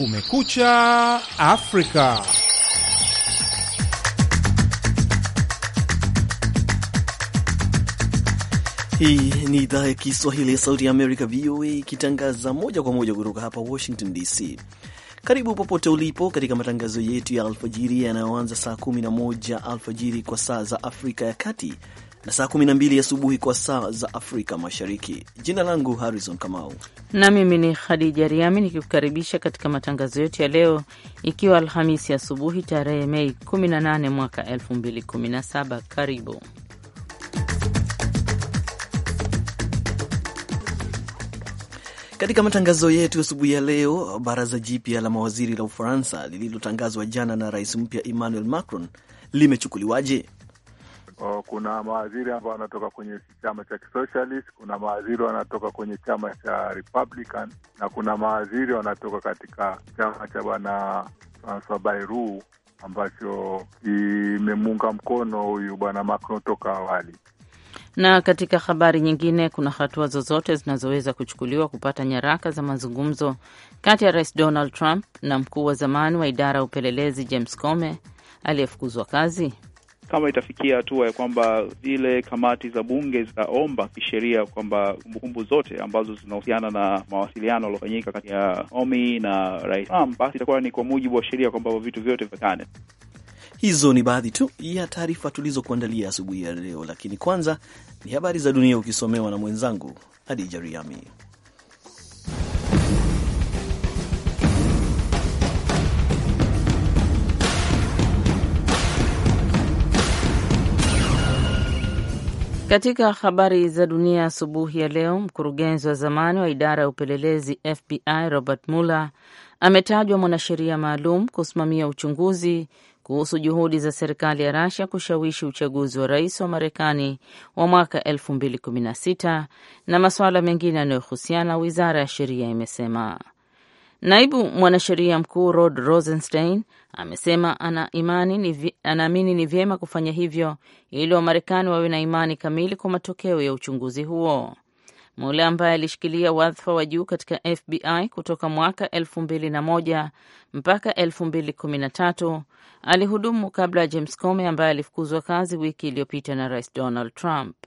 Kumekucha Afrika. Hii ni idhaa ya Kiswahili ya Sauti ya Amerika, VOA, ikitangaza moja kwa moja kutoka hapa Washington DC. Karibu popote ulipo katika matangazo yetu ya alfajiri yanayoanza saa 11 alfajiri kwa saa za Afrika ya Kati na saa 12 asubuhi kwa saa za Afrika Mashariki. Jina langu Harrison Kamau na mimi ni Khadija Riami nikikukaribisha katika matangazo yetu ya leo, ikiwa Alhamisi asubuhi tarehe Mei 18 mwaka 2017. Karibu Katika matangazo yetu asubuhi ya leo, baraza jipya la mawaziri la Ufaransa lililotangazwa jana na rais mpya Emmanuel Macron limechukuliwaje? kuna mawaziri ambao wanatoka kwenye chama cha kisocialist, kuna mawaziri wanatoka kwenye chama cha Republican na kuna mawaziri wanatoka katika chama cha bwana Francois Bayrou ambacho kimemunga mkono huyu bwana Macron toka awali. Na katika habari nyingine, kuna hatua zozote zinazoweza kuchukuliwa kupata nyaraka za mazungumzo kati ya Rais Donald Trump na mkuu wa zamani wa idara ya upelelezi James Comey aliyefukuzwa kazi? kama itafikia hatua ya kwamba zile kamati za bunge zitaomba kisheria kwamba kumbukumbu zote ambazo zinahusiana na mawasiliano aliofanyika kati ya Omi na Rais Trump, basi itakuwa ni kwa mujibu wa sheria kwamba vitu vyote vikane. Hizo ni baadhi tu ya taarifa tulizokuandalia asubuhi ya leo, lakini kwanza ni habari za dunia ukisomewa na mwenzangu Hadija Riami. Katika habari za dunia asubuhi ya leo, mkurugenzi wa zamani wa idara ya upelelezi FBI Robert Mueller ametajwa mwanasheria maalum kusimamia uchunguzi kuhusu juhudi za serikali ya Russia kushawishi uchaguzi wa rais wa Marekani wa mwaka 2016 na masuala mengine yanayohusiana, wizara ya sheria imesema. Naibu mwanasheria mkuu Rod Rosenstein amesema ana imani ni anaamini ni vyema kufanya hivyo ili Wamarekani wawe na imani kamili kwa matokeo ya uchunguzi huo. mule ambaye alishikilia wadhifa wa juu katika FBI kutoka mwaka 2001 mpaka 2013 alihudumu kabla ya James Comey ambaye alifukuzwa kazi wiki iliyopita na Rais Donald Trump.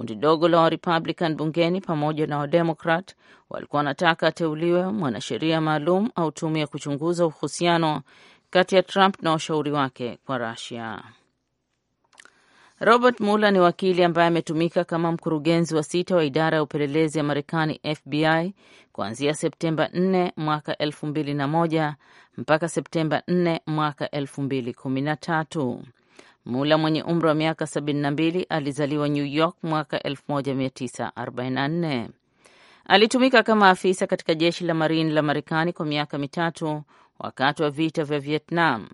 Kundi dogo la Warepublican bungeni pamoja na Wademokrat walikuwa wanataka ateuliwe mwanasheria maalum au tume ya kuchunguza uhusiano kati ya Trump na washauri wake kwa Rusia. Robert Mueller ni wakili ambaye ametumika kama mkurugenzi wa sita wa idara ya upelelezi ya Marekani, FBI, kuanzia Septemba 4 mwaka 2001 mpaka Septemba 4 mwaka 2013. Mula mwenye umri wa miaka 72 alizaliwa New York mwaka 1944. Alitumika kama afisa katika jeshi la Marine la Marekani kwa miaka mitatu wakati wa vita vya Vietnam.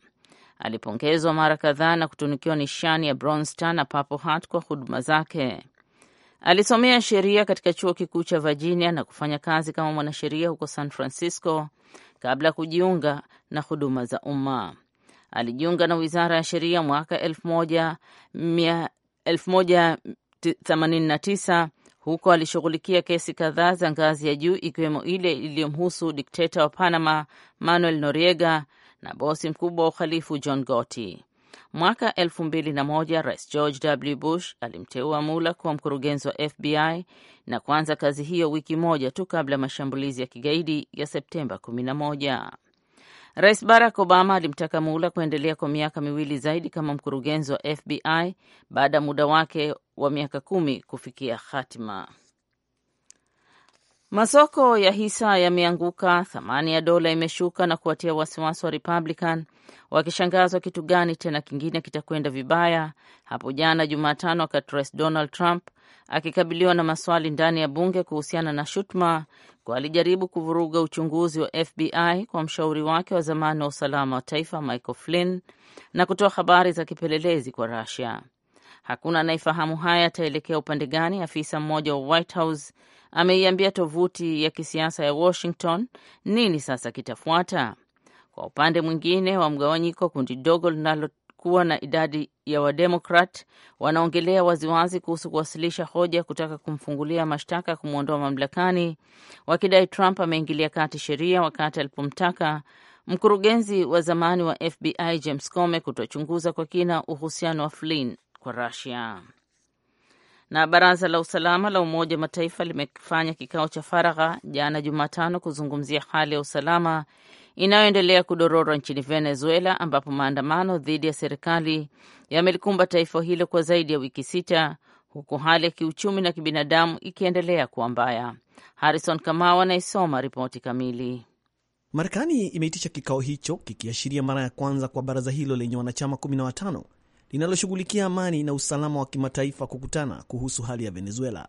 Alipongezwa mara kadhaa na kutunukiwa nishani ya Bronze Star na Purple Heart kwa huduma zake. Alisomea sheria katika chuo kikuu cha Virginia na kufanya kazi kama mwanasheria huko San Francisco kabla ya kujiunga na huduma za umma alijiunga na wizara ya sheria mwaka 1989. Huko alishughulikia kesi kadhaa za ngazi ya juu ikiwemo ile iliyomhusu dikteta wa Panama Manuel Noriega na bosi mkubwa wa uhalifu John Gotti. Mwaka 2001 Rais George W. Bush alimteua Mula kuwa mkurugenzi wa FBI na kuanza kazi hiyo wiki moja tu kabla ya mashambulizi ya kigaidi ya Septemba 11. Rais Barack Obama alimtaka Mueller kuendelea kwa miaka miwili zaidi kama mkurugenzi wa FBI baada ya muda wake wa miaka kumi kufikia hatima. Masoko ya hisa yameanguka, thamani ya dola imeshuka na kuwatia wasiwasi wa Republican wakishangazwa kitu gani tena kingine kitakwenda vibaya. Hapo jana Jumatano, wakati Rais Donald Trump akikabiliwa na maswali ndani ya bunge kuhusiana na shutuma kwa alijaribu kuvuruga uchunguzi wa FBI kwa mshauri wake wa zamani wa usalama wa taifa Michael Flynn na kutoa habari za kipelelezi kwa Russia. Hakuna anayefahamu haya ataelekea upande gani. Afisa mmoja wa White House ameiambia tovuti ya kisiasa ya Washington nini sasa kitafuata. Kwa upande mwingine wa mgawanyiko, kundi dogo linalo kuwa na idadi ya Wademokrat wanaongelea waziwazi kuhusu kuwasilisha hoja kutaka kumfungulia mashtaka ya kumwondoa mamlakani, wakidai Trump ameingilia kati sheria wakati alipomtaka mkurugenzi wa zamani wa FBI James Comey kutochunguza kwa kina uhusiano wa Flynn kwa Russia. Na baraza la usalama la Umoja wa Mataifa limefanya kikao cha faragha jana Jumatano kuzungumzia hali ya usalama inayoendelea kudorora nchini Venezuela, ambapo maandamano dhidi ya serikali yamelikumba taifa hilo kwa zaidi ya wiki sita, huku hali ya kiuchumi na kibinadamu ikiendelea kuwa mbaya. Harrison Kamau anaisoma ripoti kamili. Marekani imeitisha kikao hicho kikiashiria mara ya kwanza kwa baraza hilo lenye wanachama 15 linaloshughulikia amani na usalama wa kimataifa kukutana kuhusu hali ya Venezuela.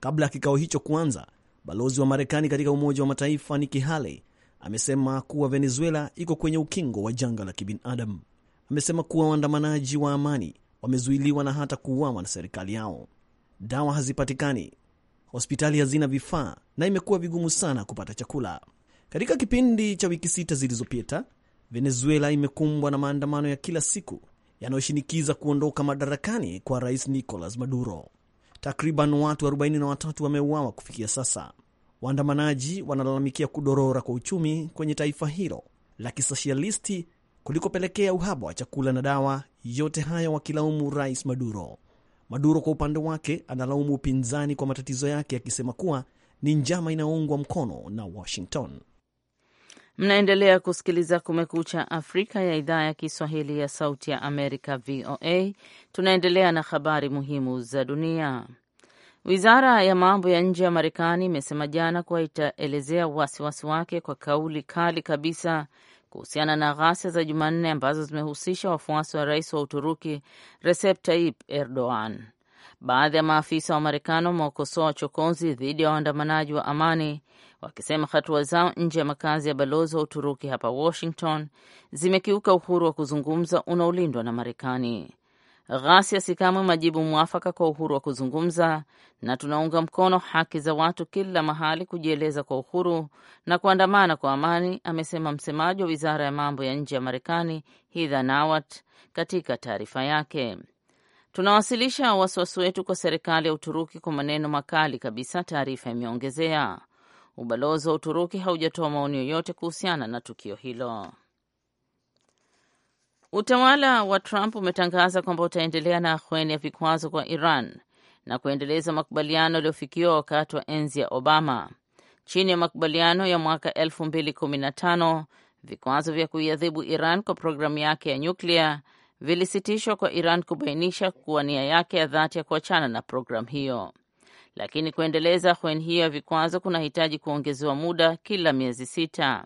Kabla ya kikao hicho kuanza, balozi wa Marekani katika Umoja wa Mataifa Nikki Haley amesema kuwa Venezuela iko kwenye ukingo wa janga la kibinadamu. Amesema kuwa waandamanaji wa amani wamezuiliwa na hata kuuawa na serikali yao. Dawa hazipatikani, hospitali hazina vifaa na imekuwa vigumu sana kupata chakula. Katika kipindi cha wiki sita zilizopita, Venezuela imekumbwa na maandamano ya kila siku yanayoshinikiza kuondoka madarakani kwa rais Nicolas Maduro. Takriban watu 43 wameuawa kufikia sasa. Waandamanaji wanalalamikia kudorora kwa uchumi kwenye taifa hilo la kisosialisti kulikopelekea uhaba wa chakula na dawa, yote haya wakilaumu rais Maduro. Maduro kwa upande wake analaumu upinzani kwa matatizo yake, akisema kuwa ni njama inayoungwa mkono na Washington. Mnaendelea kusikiliza Kumekucha Afrika ya idhaa ya Kiswahili ya Sauti ya Amerika, VOA. Tunaendelea na habari muhimu za dunia. Wizara ya mambo ya nje ya Marekani imesema jana kuwa itaelezea wasiwasi wake kwa kauli kali kabisa kuhusiana na ghasia za Jumanne ambazo zimehusisha wafuasi wa rais wa Uturuki Recep Tayyip Erdogan. Baadhi ya maafisa wa Marekani wamewakosoa chokozi dhidi ya waandamanaji wa amani wakisema hatua zao nje ya makazi ya balozi wa Uturuki hapa Washington zimekiuka uhuru wa kuzungumza unaolindwa na Marekani. Ghasia si kamwe majibu mwafaka kwa uhuru wa kuzungumza, na tunaunga mkono haki za watu kila mahali kujieleza kwa uhuru na kuandamana kwa amani, amesema msemaji wa wizara ya mambo ya nje ya Marekani Heather Nauert katika taarifa yake. Tunawasilisha wasiwasi wetu kwa serikali ya Uturuki kwa maneno makali kabisa, taarifa imeongezea. Ubalozi wa Uturuki haujatoa maoni yoyote kuhusiana na tukio hilo. Utawala wa Trump umetangaza kwamba utaendelea na ahueni ya vikwazo kwa Iran na kuendeleza makubaliano yaliyofikiwa wakati wa enzi ya Obama. Chini ya makubaliano ya mwaka 2015 vikwazo vya kuiadhibu Iran kwa programu yake ya nyuklia vilisitishwa kwa Iran kubainisha kuwa nia yake ya dhati ya kuachana na programu hiyo lakini kuendeleza hweni hiyo ya vikwazo kunahitaji kuongezewa muda kila miezi sita.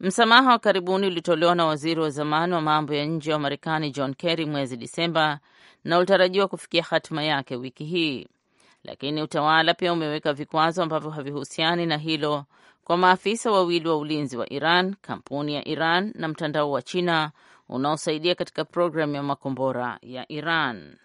Msamaha wa karibuni ulitolewa na waziri wa zamani wa mambo ya nje wa Marekani John Kerry mwezi Disemba na ulitarajiwa kufikia hatima yake wiki hii, lakini utawala pia umeweka vikwazo ambavyo havihusiani na hilo kwa maafisa wawili wa ulinzi wa Iran, kampuni ya Iran na mtandao wa China unaosaidia katika programu ya makombora ya Iran.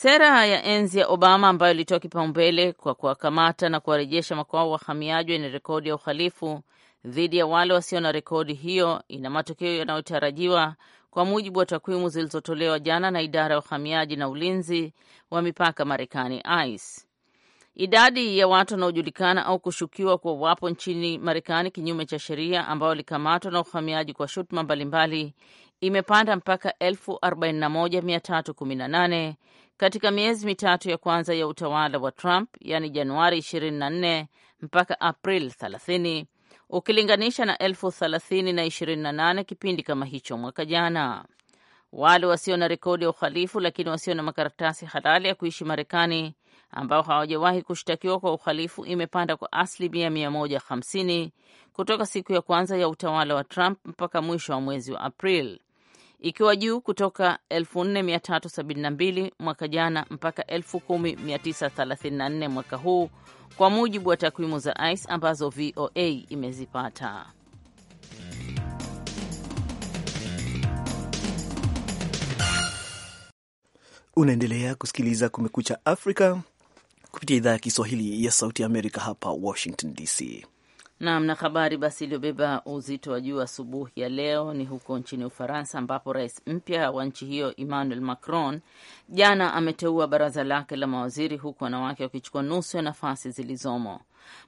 Sera ya enzi ya Obama ambayo ilitoa kipaumbele kwa kuwakamata na kuwarejesha makwao wahamiaji wenye rekodi ya uhalifu dhidi ya wale wasio na rekodi hiyo ina matokeo yanayotarajiwa kwa mujibu wa takwimu zilizotolewa jana na idara ya uhamiaji na ulinzi wa mipaka Marekani, ICE. Idadi ya watu wanaojulikana au kushukiwa kuwa wapo nchini Marekani kinyume cha sheria ambao walikamatwa na uhamiaji kwa shutuma mbalimbali imepanda mpaka 41318 katika miezi mitatu ya kwanza ya utawala wa Trump, yani Januari 24 mpaka April 30, ukilinganisha na elfu thelathini na 28 kipindi kama hicho mwaka jana. Wale wasio na rekodi ya uhalifu lakini wasio na makaratasi halali ya kuishi Marekani ambao hawajawahi kushtakiwa kwa uhalifu imepanda kwa asilimia 150 kutoka siku ya kwanza ya utawala wa Trump mpaka mwisho wa mwezi wa April ikiwa juu kutoka 4372 mwaka jana mpaka 10934 mwaka huu, kwa mujibu wa takwimu za ICE ambazo VOA imezipata. Unaendelea kusikiliza Kumekucha Afrika kupitia idhaa ya Kiswahili ya Sauti ya Amerika, hapa Washington DC. Naam, na habari basi iliyobeba uzito wa juu asubuhi ya leo ni huko nchini Ufaransa, ambapo rais mpya wa nchi hiyo Emmanuel Macron jana ameteua baraza lake la mawaziri, huku wanawake wakichukua nusu ya nafasi zilizomo.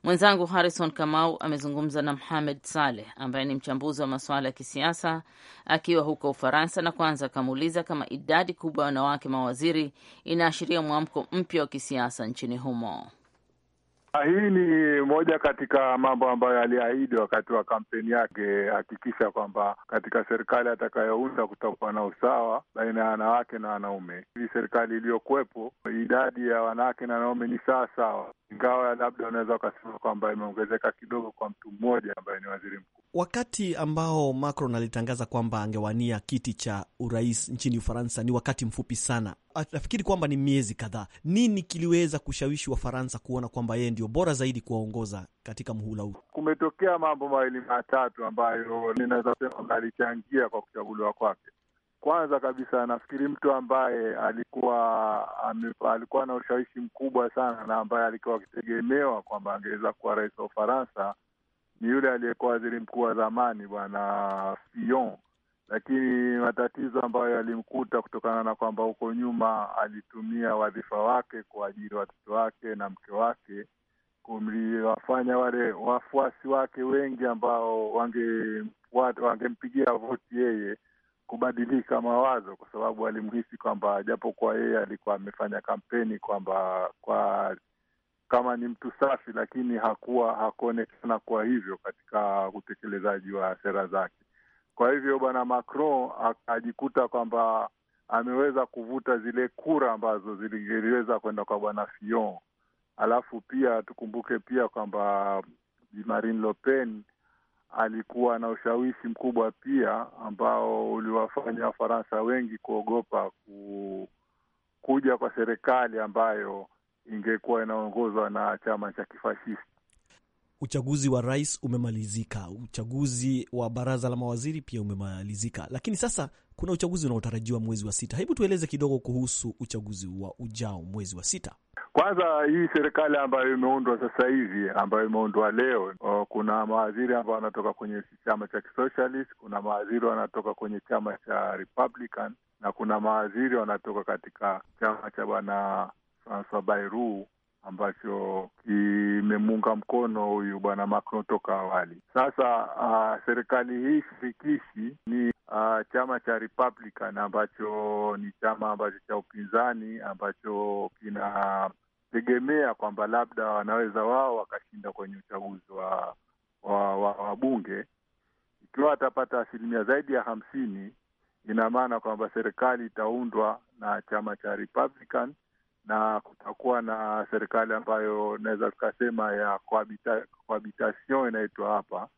Mwenzangu Harrison Kamau amezungumza na Mohamed Saleh ambaye ni mchambuzi wa masuala ya kisiasa akiwa huko Ufaransa, na kwanza akamuuliza kama idadi kubwa ya wanawake mawaziri inaashiria mwamko mpya wa kisiasa nchini humo. Ah, hii ni moja katika mambo ambayo aliahidi wakati wa kampeni yake, hakikisha kwamba katika serikali atakayounda kutakuwa na usawa baina ya wanawake na wanaume. Hii serikali iliyokuwepo idadi ya wanawake na wanaume ni sawasawa, ingawa labda unaweza ukasema kwamba imeongezeka kidogo kwa mtu mmoja ambaye ni waziri mkuu. Wakati ambao Macron alitangaza kwamba angewania kiti cha urais nchini Ufaransa ni wakati mfupi sana, nafikiri kwamba ni miezi kadhaa. Nini kiliweza kushawishi Wafaransa kuona kwamba yeye ndio bora zaidi kuwaongoza katika mhula huu? Kumetokea mambo mawili matatu ambayo ninaweza sema alichangia kwa kuchaguliwa kwake. Kwanza kabisa, nafikiri mtu ambaye alikuwa alikuwa na ushawishi mkubwa sana na ambaye alikuwa akitegemewa kwamba angeweza kuwa rais wa Ufaransa ni yule aliyekuwa waziri mkuu wa zamani Bwana Fillon, lakini matatizo ambayo yalimkuta kutokana na kwamba huko nyuma alitumia wadhifa wake kuajiri watoto wake na mke wake kumliwafanya wale wafuasi wake wengi ambao wangempigia wange voti yeye kubadilika mawazo, kwa sababu alimhisi kwamba japokuwa yeye alikuwa amefanya kampeni kwamba kwa kama ni mtu safi, lakini hakuwa hakuonekana kwa hivyo katika utekelezaji wa sera zake. Kwa hivyo bwana Macron akajikuta kwamba ameweza kuvuta zile kura ambazo ziliweza kwenda kwa bwana Fillon. Alafu pia tukumbuke pia kwamba Marine Le Pen alikuwa na ushawishi mkubwa pia ambao uliwafanya Wafaransa wengi kuogopa ku, kuja kwa serikali ambayo ingekuwa inaongozwa na chama cha kifashisti. Uchaguzi wa rais umemalizika, uchaguzi wa baraza la mawaziri pia umemalizika, lakini sasa kuna uchaguzi unaotarajiwa mwezi wa sita. Hebu tueleze kidogo kuhusu uchaguzi wa ujao mwezi wa sita. Kwanza, hii serikali ambayo imeundwa sasa hivi, ambayo imeundwa leo, kuna mawaziri ambao wanatoka kwenye chama cha kisocialist, kuna mawaziri wanatoka kwenye chama cha Republican na kuna mawaziri wanatoka katika chama cha bwana Sabairu ambacho kimemunga mkono huyu bwana Macron toka awali. Sasa uh, serikali hii shirikishi ni uh, chama cha Republican ambacho ni chama ambacho cha upinzani ambacho kinategemea kwamba labda wanaweza wao wakashinda kwenye uchaguzi wa wabunge wa, wa ikiwa watapata asilimia zaidi ya hamsini, ina maana kwamba serikali itaundwa na chama cha Republican na kutakuwa na serikali ambayo naweza tukasema ya cohabitation inaitwa hapa,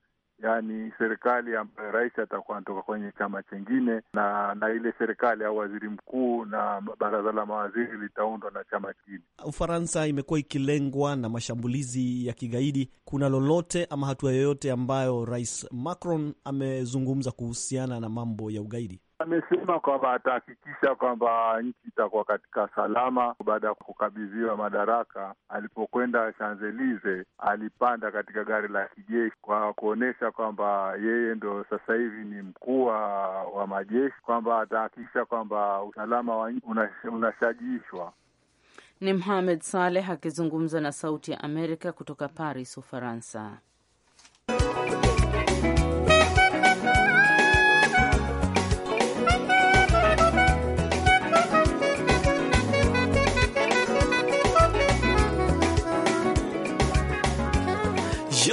yaani serikali ambayo rais atakuwa anatoka kwenye chama chengine na na ile serikali au waziri mkuu na baraza la mawaziri litaundwa na chama kingine. Ufaransa imekuwa ikilengwa na mashambulizi ya kigaidi. Kuna lolote ama hatua yoyote ambayo rais Macron amezungumza kuhusiana na mambo ya ugaidi? amesema kwamba atahakikisha kwamba nchi itakuwa katika salama baada ya kukabidhiwa madaraka. Alipokwenda Shanzelize alipanda katika gari la kijeshi kwa kuonyesha kwamba yeye ndo sasa hivi ni mkuu wa majeshi, kwamba atahakikisha kwamba usalama wa nchi unashajishwa. Ni Mohamed Saleh akizungumza na Sauti ya Amerika kutoka Paris, Ufaransa.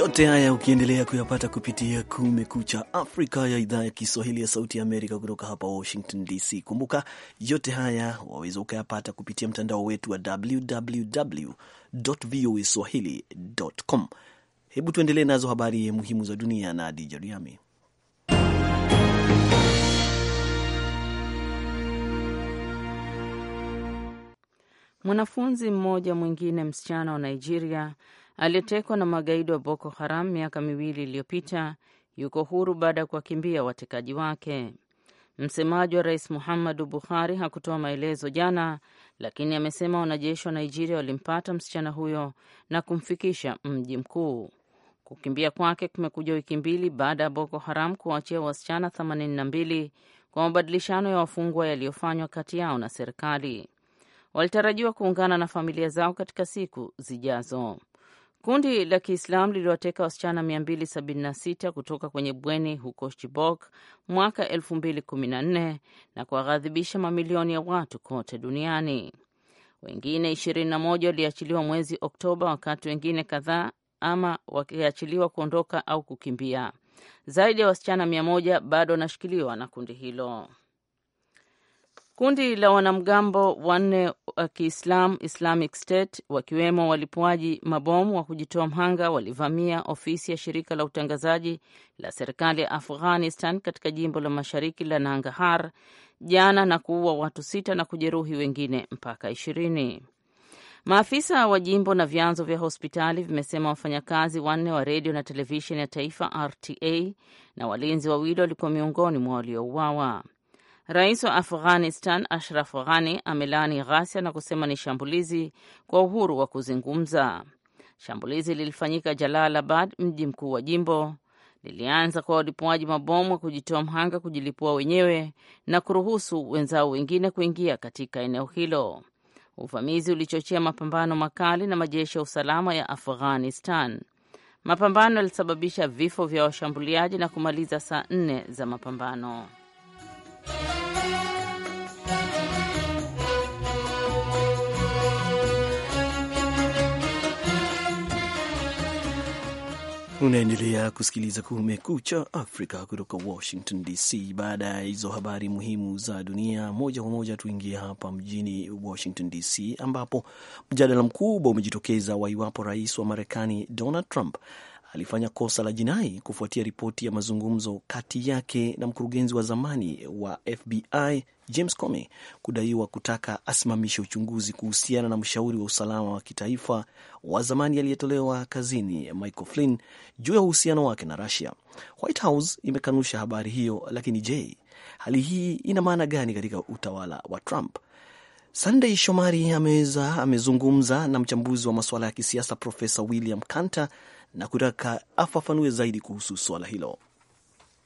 Yote haya ukiendelea kuyapata kupitia Kumekucha Afrika ya idhaa ya Kiswahili ya Sauti ya Amerika kutoka hapa Washington DC. Kumbuka yote haya waweza ukayapata kupitia mtandao wetu wa www voa swahili.com. Hebu tuendelee nazo habari muhimu za dunia na Adija Riami. Mwanafunzi mmoja mwingine msichana wa Nigeria aliyetekwa na magaidi wa Boko Haram miaka miwili iliyopita yuko huru baada ya kuwakimbia watekaji wake. Msemaji wa rais Muhammadu Buhari hakutoa maelezo jana, lakini amesema wanajeshi wa Nigeria walimpata msichana huyo na kumfikisha mji mkuu. Kukimbia kwake kumekuja wiki mbili baada ya Boko Haram kuwaachia wasichana 82 kwa mabadilishano ya wafungwa yaliyofanywa kati yao na serikali. Walitarajiwa kuungana na familia zao katika siku zijazo. Kundi la Kiislamu liliwateka wasichana 276 kutoka kwenye bweni huko Chibok mwaka 2014 na kuwaghadhibisha mamilioni ya watu kote duniani. Wengine 21 waliachiliwa mwezi Oktoba, wakati wengine kadhaa ama wakiachiliwa kuondoka au kukimbia. Zaidi ya wasichana 100 bado wanashikiliwa na kundi hilo. Kundi la wanamgambo wanne wa Kiislam Islamic State wakiwemo walipuaji mabomu wa kujitoa mhanga walivamia ofisi ya shirika la utangazaji la serikali ya Afghanistan katika jimbo la mashariki la nangahar jana na kuua watu sita na kujeruhi wengine mpaka ishirini. Maafisa wa jimbo na vyanzo vya hospitali vimesema wafanyakazi wanne wa redio na televisheni ya taifa RTA na walinzi wawili walikuwa miongoni mwa waliouawa. Rais wa Afghanistan Ashraf Ghani amelaani ghasia na kusema ni shambulizi kwa uhuru wa kuzungumza. Shambulizi lilifanyika Jalalabad, mji mkuu wa jimbo. Lilianza kwa walipuaji mabomu wa kujitoa mhanga kujilipua wenyewe na kuruhusu wenzao wengine kuingia katika eneo hilo. Uvamizi ulichochea mapambano makali na majeshi ya usalama ya Afghanistan. Mapambano yalisababisha vifo vya washambuliaji na kumaliza saa nne za mapambano. Unaendelea kusikiliza Kumekucha Afrika kutoka Washington DC. Baada ya hizo habari muhimu za dunia, moja kwa moja tuingie hapa mjini Washington DC, ambapo mjadala mkubwa umejitokeza wa iwapo rais wa Marekani Donald Trump alifanya kosa la jinai kufuatia ripoti ya mazungumzo kati yake na mkurugenzi wa zamani wa FBI James Comey kudaiwa kutaka asimamishe uchunguzi kuhusiana na mshauri wa usalama wa kitaifa wa zamani aliyetolewa kazini Michael Flynn juu ya uhusiano wake na Russia. White House imekanusha habari hiyo, lakini je, hali hii ina maana gani katika utawala wa Trump? Sandey Shomari ameweza amezungumza na mchambuzi wa masuala ya kisiasa Profesa William Kanta na kutaka afafanue zaidi kuhusu suala hilo.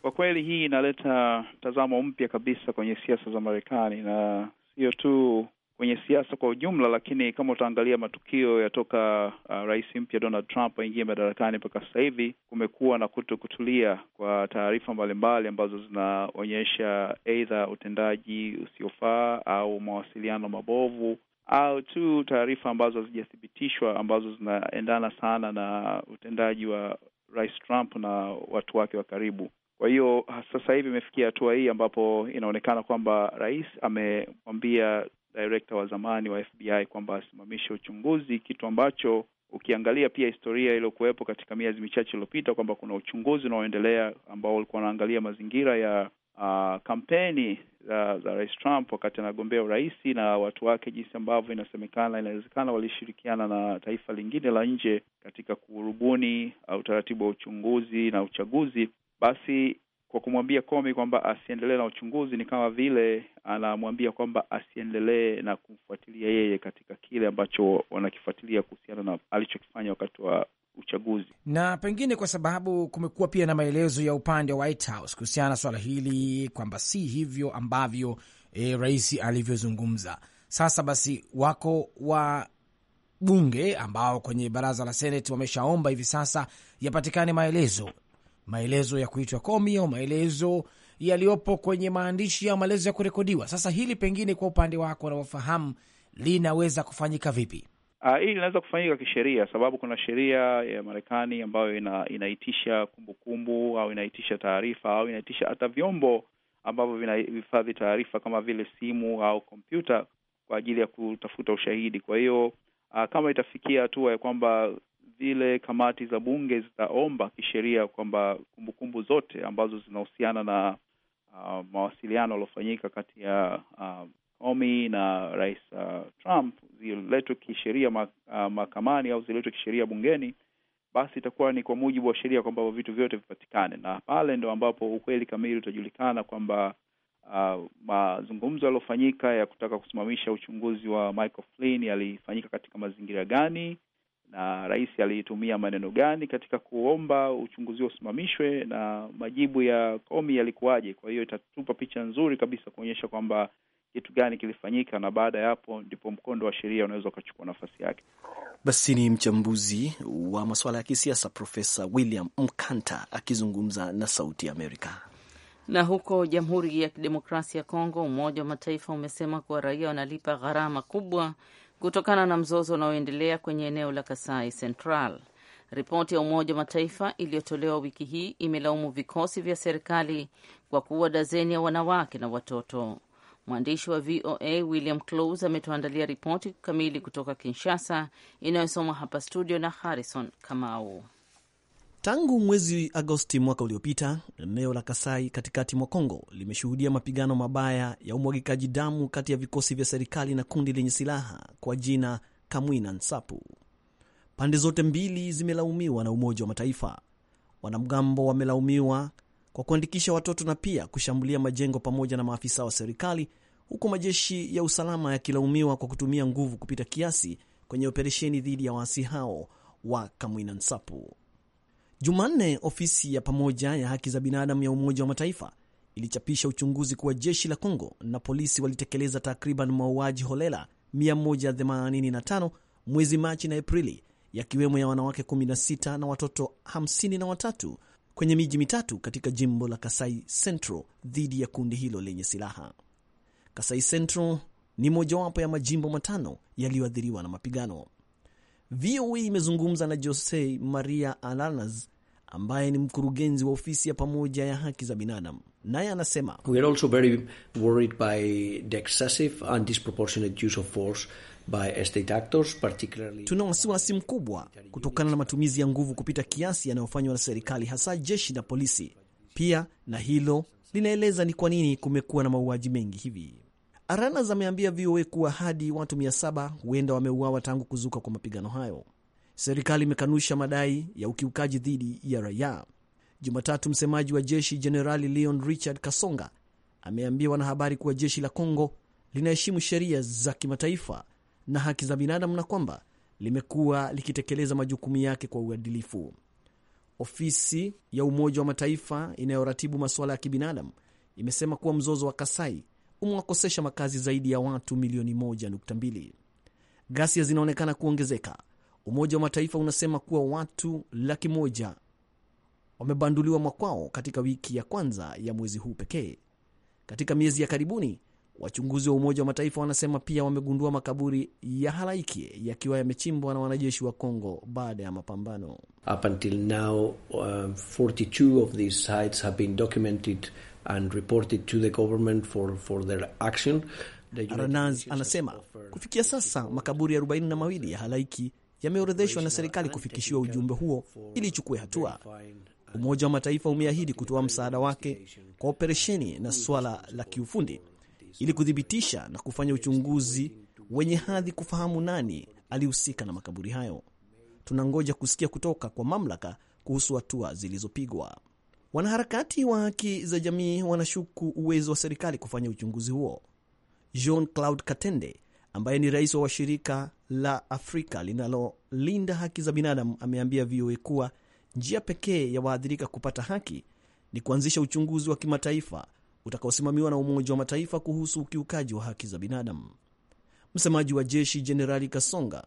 Kwa kweli hii inaleta mtazamo mpya kabisa kwenye siasa za Marekani na sio tu kwenye siasa kwa ujumla, lakini kama utaangalia matukio ya toka uh, rais mpya Donald Trump aingie madarakani mpaka sasa hivi, kumekuwa na kuto kutulia kwa taarifa mbalimbali ambazo zinaonyesha aidha utendaji usiofaa au mawasiliano mabovu au tu taarifa ambazo hazijathibitishwa ambazo zinaendana sana na utendaji wa Rais Trump na watu wake wa karibu. Kwa hiyo sasa hivi imefikia hatua hii ambapo inaonekana kwamba rais amemwambia direkta wa zamani wa FBI kwamba asimamishe uchunguzi, kitu ambacho ukiangalia pia historia iliyokuwepo katika miezi michache iliyopita kwamba kuna uchunguzi unaoendelea ambao ulikuwa unaangalia mazingira ya uh, kampeni za, za Rais Trump wakati anagombea urais na watu wake, jinsi ambavyo inasemekana, inawezekana walishirikiana na taifa lingine la nje katika kurubuni uh, utaratibu wa uchunguzi na uchaguzi, basi kwa kumwambia Comey kwamba asiendelee na uchunguzi ni kama vile anamwambia kwamba asiendelee na kumfuatilia yeye katika kile ambacho wanakifuatilia kuhusiana na alichokifanya wakati wa uchaguzi. Na pengine kwa sababu kumekuwa pia na maelezo ya upande wa White House kuhusiana na swala hili kwamba si hivyo ambavyo e, rais alivyozungumza. Sasa basi wako wa bunge ambao kwenye baraza la Seneti wameshaomba hivi sasa yapatikane maelezo, maelezo ya kuitwa komi au maelezo yaliyopo kwenye maandishi au maelezo ya kurekodiwa. Sasa hili pengine, kwa upande wako unaofahamu, linaweza kufanyika vipi? Uh, hii linaweza kufanyika kisheria, sababu kuna sheria ya Marekani ambayo ina, inaitisha kumbukumbu au inaitisha taarifa au inaitisha hata vyombo ambavyo vinahifadhi taarifa kama vile simu au kompyuta kwa ajili ya kutafuta ushahidi. Kwa hiyo uh, kama itafikia hatua ya kwamba zile kamati za bunge zitaomba kisheria kwamba kumbukumbu zote ambazo zinahusiana na uh, mawasiliano yaliyofanyika kati ya uh, Comey na Rais uh, Trump ziletwe kisheria uh, mahakamani uh, au ziletwe kisheria bungeni, basi itakuwa ni kwa mujibu wa sheria kwamba vitu vyote vipatikane, na pale ndo ambapo ukweli kamili utajulikana kwamba uh, mazungumzo yaliyofanyika ya kutaka kusimamisha uchunguzi wa Michael Flynn yalifanyika katika mazingira gani na rais alitumia maneno gani katika kuomba uchunguzi usimamishwe na majibu ya Komi yalikuwaje. Kwa hiyo itatupa picha nzuri kabisa kuonyesha kwamba kitu gani kilifanyika, na baada ya hapo ndipo mkondo wa sheria unaweza ukachukua nafasi yake. Basi ni mchambuzi wa masuala ya kisiasa Profesa William Mkanta akizungumza na Sauti ya Amerika. Na huko Jamhuri ya Kidemokrasia ya Kongo, Umoja wa Mataifa umesema kuwa raia wanalipa gharama kubwa kutokana na mzozo unaoendelea kwenye eneo la Kasai Central. Ripoti ya Umoja wa Mataifa iliyotolewa wiki hii imelaumu vikosi vya serikali kwa kuua dazeni ya wanawake na watoto. Mwandishi wa VOA William clos ametuandalia ripoti kamili kutoka Kinshasa, inayosomwa hapa studio na Harrison Kamau. Tangu mwezi Agosti mwaka uliopita, eneo la Kasai katikati mwa Kongo limeshuhudia mapigano mabaya ya umwagikaji damu kati ya vikosi vya serikali na kundi lenye silaha kwa jina Kamwina Nsapu. Pande zote mbili zimelaumiwa na Umoja wa Mataifa. Wanamgambo wamelaumiwa kwa kuandikisha watoto na pia kushambulia majengo pamoja na maafisa wa serikali, huku majeshi ya usalama yakilaumiwa kwa kutumia nguvu kupita kiasi kwenye operesheni dhidi ya waasi hao wa Kamwina Nsapu. Jumanne, ofisi ya pamoja ya haki za binadamu ya Umoja wa Mataifa ilichapisha uchunguzi kuwa jeshi la Kongo na polisi walitekeleza takriban mauaji holela 185 mwezi Machi na Aprili, yakiwemo ya wanawake 16 na watoto 53 kwenye miji mitatu katika jimbo la Kasai Central dhidi ya kundi hilo lenye silaha. Kasai Central ni mojawapo ya majimbo matano yaliyoathiriwa na mapigano. VOA imezungumza na Jose Maria Alanas ambaye ni mkurugenzi wa ofisi ya pamoja ya haki za binadamu, naye anasema, We are also very worried by the excessive and disproportionate use of force tuna wasiwasi mkubwa kutokana na matumizi ya nguvu kupita kiasi yanayofanywa na serikali, hasa jeshi na polisi pia, na hilo linaeleza ni kwa nini kumekuwa na mauaji mengi hivi. Aranas ameambia VOA kuwa hadi watu 700 huenda wameuawa tangu kuzuka kwa mapigano hayo. Serikali imekanusha madai ya ukiukaji dhidi ya raia. Jumatatu, msemaji wa jeshi Jenerali Leon Richard Kasonga ameambia wanahabari kuwa jeshi la Kongo linaheshimu sheria za kimataifa na haki za binadamu na kwamba limekuwa likitekeleza majukumu yake kwa uadilifu. Ofisi ya Umoja wa Mataifa inayoratibu masuala ya kibinadamu imesema kuwa mzozo wa Kasai umewakosesha makazi zaidi ya watu milioni 1.2. Ghasia zinaonekana kuongezeka. Umoja wa Mataifa unasema kuwa watu laki moja wamebanduliwa mwakwao katika wiki ya kwanza ya mwezi huu pekee. Katika miezi ya karibuni Wachunguzi wa Umoja wa Mataifa wanasema pia wamegundua makaburi ya halaiki yakiwa yamechimbwa na wanajeshi wa Kongo baada ya mapambano. Up until now, uh, um, 42 of these sites have been documented and reported to the government for, for their action. Aranaz anasema kufikia sasa makaburi arobaini na mawili ya halaiki yameorodheshwa na serikali kufikishiwa ujumbe huo ili ichukue hatua. Umoja wa Mataifa umeahidi kutoa msaada wake kwa operesheni na suala la kiufundi ili kuthibitisha na kufanya uchunguzi wenye hadhi kufahamu nani alihusika na makaburi hayo. Tunangoja kusikia kutoka kwa mamlaka kuhusu hatua zilizopigwa. Wanaharakati wa haki za jamii wanashuku uwezo wa serikali kufanya uchunguzi huo. Jean Claude Katende ambaye ni rais wa shirika la Afrika linalolinda haki za binadamu ameambia VOA kuwa njia pekee ya waathirika kupata haki ni kuanzisha uchunguzi wa kimataifa utakaosimamiwa na Umoja wa Mataifa kuhusu ukiukaji wa haki za binadamu. Msemaji wa jeshi Jenerali Kasonga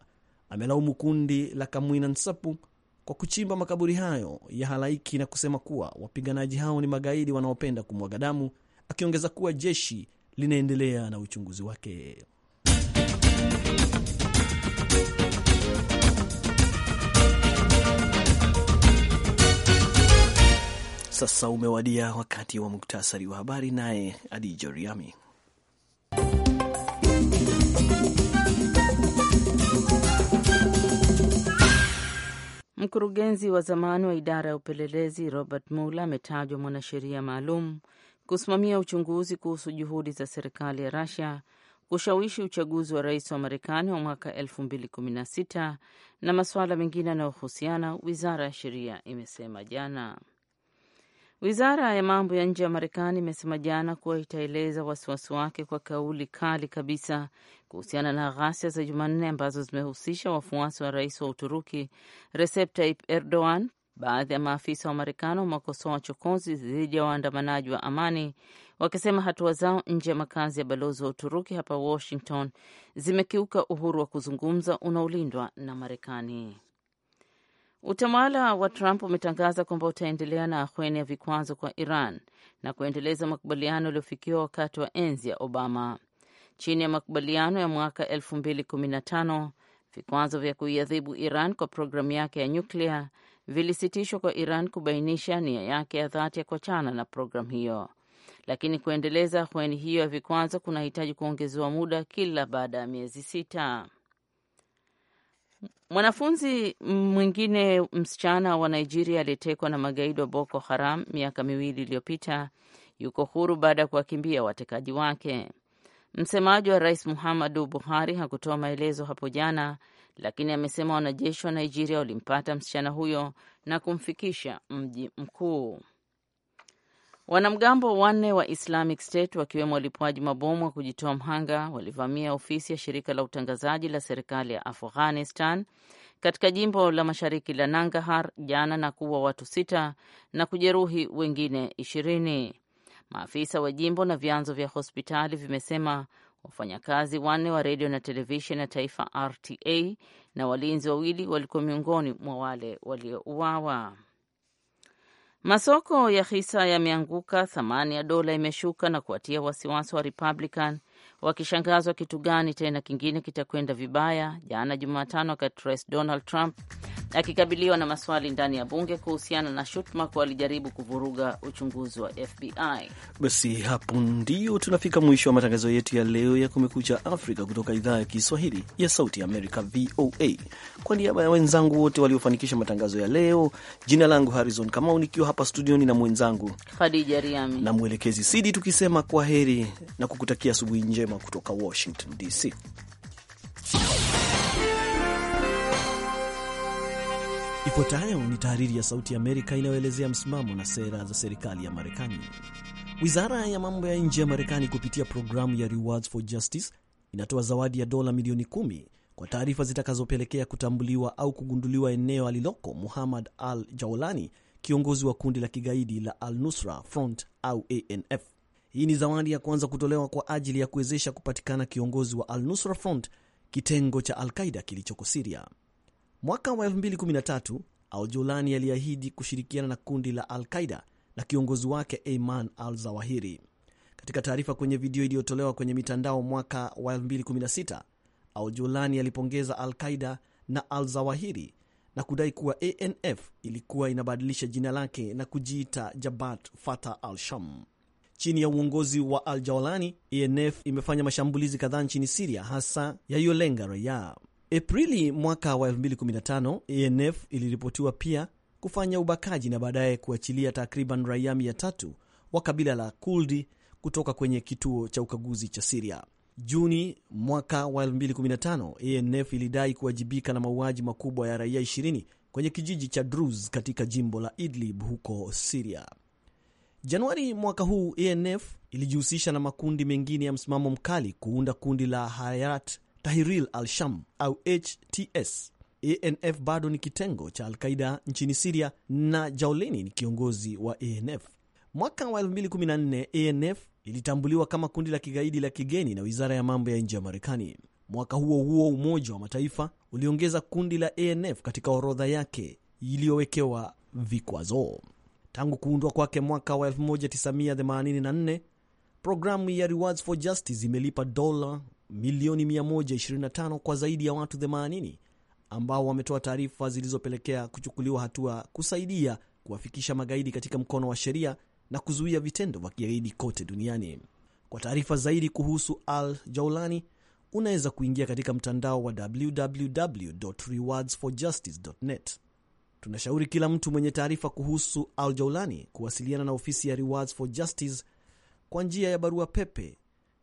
amelaumu kundi la Kamwina Nsapu kwa kuchimba makaburi hayo ya halaiki na kusema kuwa wapiganaji hao ni magaidi wanaopenda kumwaga damu, akiongeza kuwa jeshi linaendelea na uchunguzi wake. Sasa umewadia wakati wa muktasari wa habari, naye Adija Riami. Mkurugenzi wa zamani wa idara ya upelelezi Robert Mueller ametajwa mwanasheria maalum kusimamia uchunguzi kuhusu juhudi za serikali ya Russia kushawishi uchaguzi wa rais wa Marekani wa mwaka 2016 na masuala mengine yanayohusiana, wizara ya sheria imesema jana. Wizara ya mambo ya nje ya Marekani imesema jana kuwa itaeleza wasiwasi wake kwa kauli kali kabisa kuhusiana na ghasia za Jumanne ambazo zimehusisha wafuasi wa rais wa Uturuki Recep Tayyip Erdogan. Baadhi ya maafisa wa Marekani wamekosoa chokozi dhidi ya waandamanaji wa amani, wakisema hatua zao nje ya makazi ya balozi wa Uturuki hapa Washington zimekiuka uhuru wa kuzungumza unaolindwa na Marekani. Utawala wa Trump umetangaza kwamba utaendelea na ahueni ya vikwazo kwa Iran na kuendeleza makubaliano yaliyofikiwa wakati wa enzi ya Obama. Chini ya makubaliano ya mwaka 2015 vikwazo vya kuiadhibu Iran kwa programu yake ya nyuklia vilisitishwa kwa Iran kubainisha nia yake ya dhati ya kuachana na programu hiyo, lakini kuendeleza ahueni hiyo ya vikwazo kunahitaji kuongezewa muda kila baada ya miezi sita. Mwanafunzi mwingine msichana wa Nigeria aliyetekwa na magaidi wa Boko Haram miaka miwili iliyopita yuko huru baada ya kuwakimbia watekaji wake. Msemaji wa rais Muhammadu Buhari hakutoa maelezo hapo jana, lakini amesema wanajeshi wa Nigeria walimpata msichana huyo na kumfikisha mji mkuu. Wanamgambo wanne wa Islamic State wakiwemo walipuaji mabomu wa kujitoa mhanga walivamia ofisi ya shirika la utangazaji la serikali ya Afghanistan katika jimbo la mashariki la nangahar jana na kuua watu sita na kujeruhi wengine ishirini. Maafisa wa jimbo na vyanzo vya hospitali vimesema wafanyakazi wanne wa redio na televisheni ya taifa RTA na walinzi wawili walikuwa miongoni mwa wale waliouawa. Masoko ya hisa yameanguka, thamani ya dola imeshuka na kuwatia wasiwasi wa Republican wakishangazwa kitu gani tena kingine kitakwenda vibaya. Jana Jumatano, wakati Rais Donald Trump akikabiliwa na maswali ndani ya bunge kuhusiana na shutuma kuwa walijaribu kuvuruga uchunguzi wa FBI. Basi hapo ndio tunafika mwisho wa matangazo yetu ya leo ya Kumekucha Afrika kutoka idhaa ya Kiswahili ya Sauti Amerika, VOA. Kwa niaba ya wenzangu wote waliofanikisha matangazo ya leo, jina langu Harrison Kamau, nikiwa hapa studioni na mwenzangu Khadija Riami na mwelekezi Sidi, tukisema kwa heri na kukutakia asubuhi njema njema kutoka Washington DC. Ifuatayo ni tahariri ya Sauti ya Amerika inayoelezea msimamo na sera za serikali ya Marekani. Wizara ya mambo ya nje ya Marekani kupitia programu ya Rewards for Justice inatoa zawadi ya dola milioni kumi kwa taarifa zitakazopelekea kutambuliwa au kugunduliwa eneo aliloko Muhammad al jaulani kiongozi wa kundi la kigaidi la Al Nusra Front au ANF. Hii ni zawadi ya kwanza kutolewa kwa ajili ya kuwezesha kupatikana kiongozi wa Al-Nusra Front, kitengo cha Al-Qaida kilichoko Siria. Mwaka wa 2013 al Julani aliahidi kushirikiana na kundi la Al-Qaida na kiongozi wake Ayman al-Zawahiri. Katika taarifa kwenye video iliyotolewa kwenye mitandao mwaka wa 2016, Al-Jolani alipongeza Al-Qaida na al-Zawahiri na kudai kuwa ANF ilikuwa inabadilisha jina lake na kujiita Jabhat Fatah al-Sham chini ya uongozi wa Al Jaolani, ENF imefanya mashambulizi kadhaa nchini Siria, hasa yaliyolenga raia. Aprili mwaka wa 2015 ENF iliripotiwa pia kufanya ubakaji na baadaye kuachilia takriban raia 300 wa kabila la kuldi kutoka kwenye kituo cha ukaguzi cha Siria. Juni mwaka wa 2015 ENF ilidai kuwajibika na mauaji makubwa ya raia 20 kwenye kijiji cha Druz katika jimbo la Idlib huko Siria. Januari mwaka huu ANF ilijihusisha na makundi mengine ya msimamo mkali kuunda kundi la Hayat Tahrir al-Sham au HTS. ANF bado ni kitengo cha alqaida nchini Siria na Jauleni ni kiongozi wa ANF. Mwaka wa 2014 ANF ilitambuliwa kama kundi la kigaidi la kigeni na wizara ya mambo ya nje ya Marekani. Mwaka huo huo Umoja wa Mataifa uliongeza kundi la ANF katika orodha yake iliyowekewa vikwazo. Tangu kuundwa kwake mwaka wa 1984 programu ya Rewards for Justice imelipa dola milioni 125 kwa zaidi ya watu 80 ambao wametoa taarifa zilizopelekea kuchukuliwa hatua kusaidia kuwafikisha magaidi katika mkono wa sheria na kuzuia vitendo vya kigaidi kote duniani. Kwa taarifa zaidi kuhusu Al Jaulani unaweza kuingia katika mtandao wa www.rewardsforjustice.net. Tunashauri kila mtu mwenye taarifa kuhusu Al Joulani kuwasiliana na ofisi ya Rewards for Justice kwa njia ya barua pepe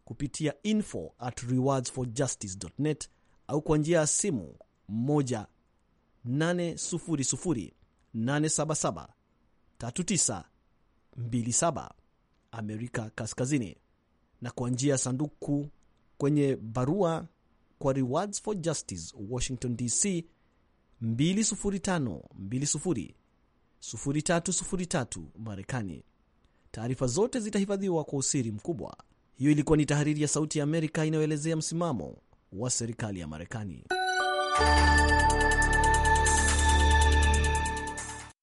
kupitia info at rewards for justice net au kwa njia ya simu 1-800-877-3927 Amerika Kaskazini na kwa njia ya sanduku kwenye barua kwa Rewards for Justice, Washington DC 205 0303 Marekani. Taarifa zote zitahifadhiwa kwa usiri mkubwa. Hiyo ilikuwa ni tahariri ya Sauti ya Amerika inayoelezea msimamo wa serikali ya Marekani.